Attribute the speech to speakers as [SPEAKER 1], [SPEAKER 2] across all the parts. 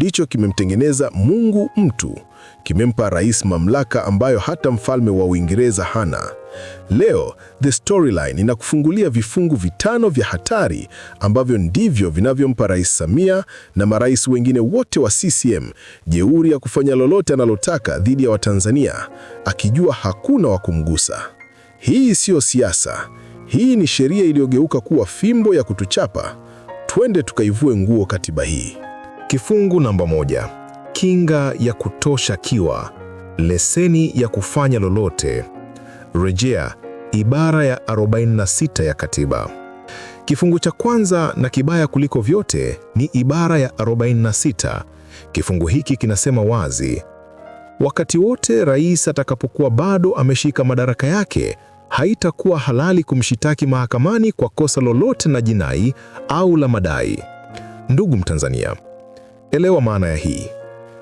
[SPEAKER 1] ndicho kimemtengeneza Mungu mtu, kimempa rais mamlaka ambayo hata mfalme wa Uingereza hana. Leo The Storyline inakufungulia vifungu vitano vya hatari ambavyo ndivyo vinavyompa Rais Samia na marais wengine wote wa CCM jeuri ya kufanya lolote analotaka dhidi ya Watanzania akijua hakuna wa kumgusa. Hii siyo siasa. Hii ni sheria iliyogeuka kuwa fimbo ya kutuchapa. Twende tukaivue nguo katiba hii. Kifungu namba moja: kinga ya kutosha kiwa, leseni ya kufanya lolote, rejea ibara ya 46 ya katiba. Kifungu cha kwanza na kibaya kuliko vyote ni ibara ya 46. Kifungu hiki kinasema wazi, wakati wote rais atakapokuwa bado ameshika madaraka yake, haitakuwa halali kumshitaki mahakamani kwa kosa lolote na jinai au la madai. Ndugu Mtanzania, Elewa maana ya hii.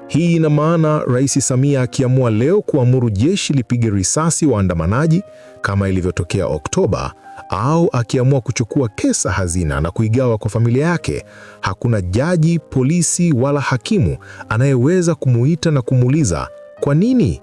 [SPEAKER 1] Hii ina maana Rais Samia akiamua leo kuamuru jeshi lipige risasi waandamanaji kama ilivyotokea Oktoba, au akiamua kuchukua kesa hazina na kuigawa kwa familia yake, hakuna jaji, polisi wala hakimu anayeweza kumuita na kumuuliza kwa nini.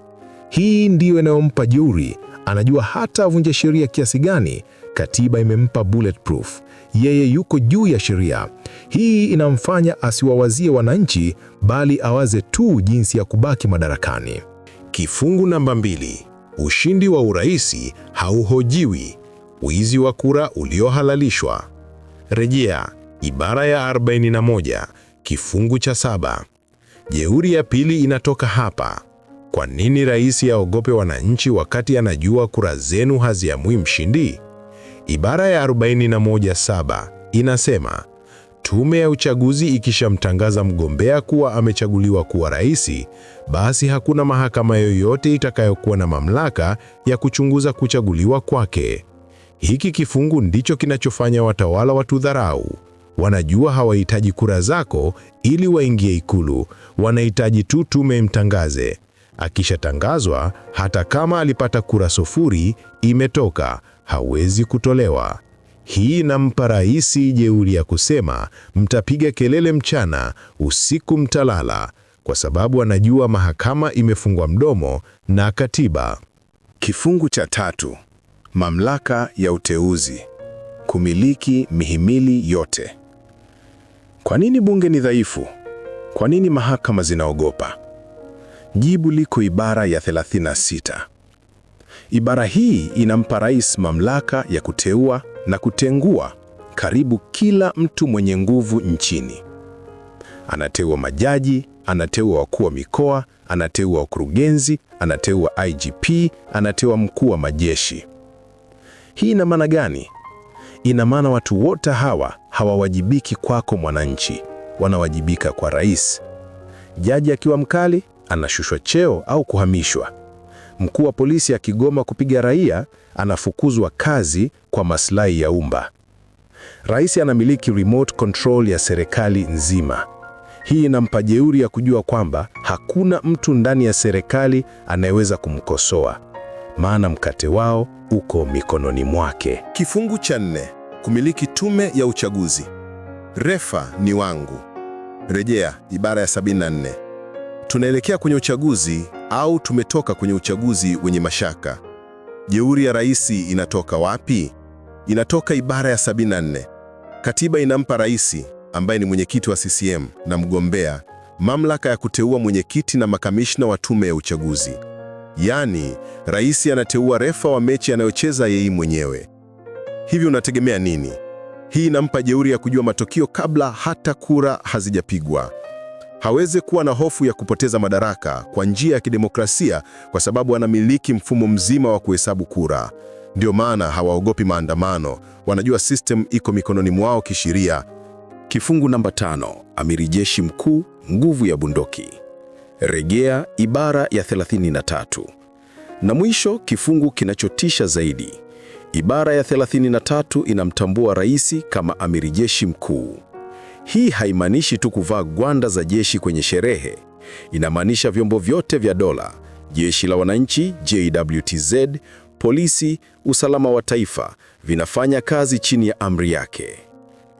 [SPEAKER 1] Hii ndiyo inayompa jeuri. Anajua hata avunje sheria kiasi gani, Katiba imempa bulletproof, yeye yuko juu ya sheria. Hii inamfanya asiwawazie wananchi, bali awaze tu jinsi ya kubaki madarakani. Kifungu namba mbili: ushindi wa uraisi hauhojiwi, wizi wa kura uliohalalishwa. Rejea ibara ya 41 kifungu cha saba. Jeuri ya pili inatoka hapa. Kwa nini rais aogope wananchi wakati anajua kura zenu haziamui mshindi? Ibara ya 41(7) inasema tume ya uchaguzi ikishamtangaza mgombea kuwa amechaguliwa kuwa rais, basi hakuna mahakama yoyote itakayokuwa na mamlaka ya kuchunguza kuchaguliwa kwake. Hiki kifungu ndicho kinachofanya watawala watudharau. Wanajua hawahitaji kura zako ili waingie Ikulu, wanahitaji tu tume imtangaze. Akishatangazwa, hata kama alipata kura sufuri, imetoka hawezi kutolewa. Hii inampa rais jeuri ya kusema mtapiga kelele mchana, usiku mtalala, kwa sababu anajua mahakama imefungwa mdomo na katiba. Kifungu cha tatu, mamlaka ya uteuzi kumiliki mihimili yote. Kwa nini bunge ni dhaifu? Kwa nini mahakama zinaogopa? Jibu liko ibara ya 36. Ibara hii inampa rais mamlaka ya kuteua na kutengua karibu kila mtu mwenye nguvu nchini. Anateua majaji, anateua wakuu wa mikoa, anateua wakurugenzi, anateua IGP, anateua mkuu wa majeshi. Hii ina maana gani? Ina maana watu wote hawa hawawajibiki kwako mwananchi, wanawajibika kwa rais. Jaji akiwa mkali, anashushwa cheo au kuhamishwa mkuu wa polisi akigoma kupiga raia anafukuzwa kazi kwa maslahi ya umma. Rais anamiliki remote control ya serikali nzima. Hii inampa jeuri ya kujua kwamba hakuna mtu ndani ya serikali anayeweza kumkosoa, maana mkate wao uko mikononi mwake. Kifungu cha nne: kumiliki tume ya uchaguzi. Refa ni wangu. Rejea ibara ya 74. Tunaelekea kwenye uchaguzi au tumetoka kwenye uchaguzi wenye mashaka. Jeuri ya rais inatoka wapi? Inatoka ibara ya 74. Katiba inampa rais ambaye ni mwenyekiti wa CCM na mgombea mamlaka ya kuteua mwenyekiti na makamishna wa tume ya uchaguzi. Yaani, rais anateua refa wa mechi anayocheza yeye mwenyewe. Hivi unategemea nini? Hii inampa jeuri ya kujua matokeo kabla hata kura hazijapigwa hawezi kuwa na hofu ya kupoteza madaraka kwa njia ya kidemokrasia kwa sababu anamiliki mfumo mzima wa kuhesabu kura. Ndio maana hawaogopi maandamano, wanajua system iko mikononi mwao kisheria. Kifungu namba tano, amiri jeshi mkuu, nguvu ya bunduki, rejea ibara ya 33. Na mwisho kifungu kinachotisha zaidi, ibara ya 33 inamtambua rais kama amiri jeshi mkuu. Hii haimaanishi tu kuvaa gwanda za jeshi kwenye sherehe. Inamaanisha vyombo vyote vya dola, jeshi la wananchi JWTZ, polisi, usalama wa taifa, vinafanya kazi chini ya amri yake.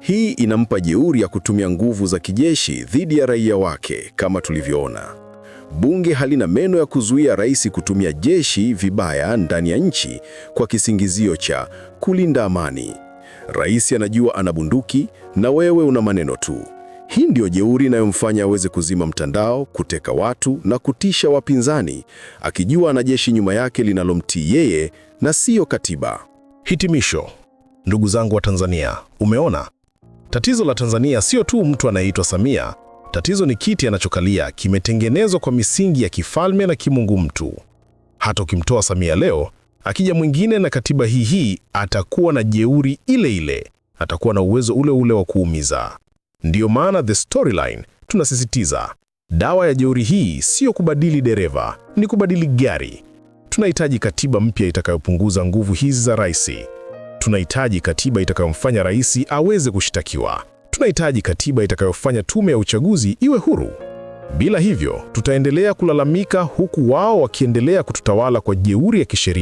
[SPEAKER 1] Hii inampa jeuri ya kutumia nguvu za kijeshi dhidi ya raia wake, kama tulivyoona. Bunge halina meno ya kuzuia rais kutumia jeshi vibaya ndani ya nchi kwa kisingizio cha kulinda amani. Rais anajua ana bunduki na wewe una maneno tu. Hii ndiyo jeuri inayomfanya aweze kuzima mtandao, kuteka watu na kutisha wapinzani, akijua ana jeshi nyuma yake linalomtii yeye na siyo katiba.
[SPEAKER 2] Hitimisho, ndugu zangu wa Tanzania, umeona tatizo la Tanzania sio tu mtu anayeitwa Samia. Tatizo ni kiti anachokalia kimetengenezwa kwa misingi ya kifalme na kimungu mtu. Hata ukimtoa Samia leo Akija mwingine na katiba hii hii, atakuwa na jeuri ile ile, atakuwa na uwezo ule ule wa kuumiza. Ndiyo maana the storyline tunasisitiza dawa ya jeuri hii siyo kubadili dereva, ni kubadili gari. Tunahitaji katiba mpya itakayopunguza nguvu hizi za rais. Tunahitaji katiba itakayomfanya rais aweze kushtakiwa. Tunahitaji katiba itakayofanya tume ya uchaguzi iwe huru. Bila hivyo, tutaendelea kulalamika huku wao wakiendelea kututawala kwa jeuri ya kisheria.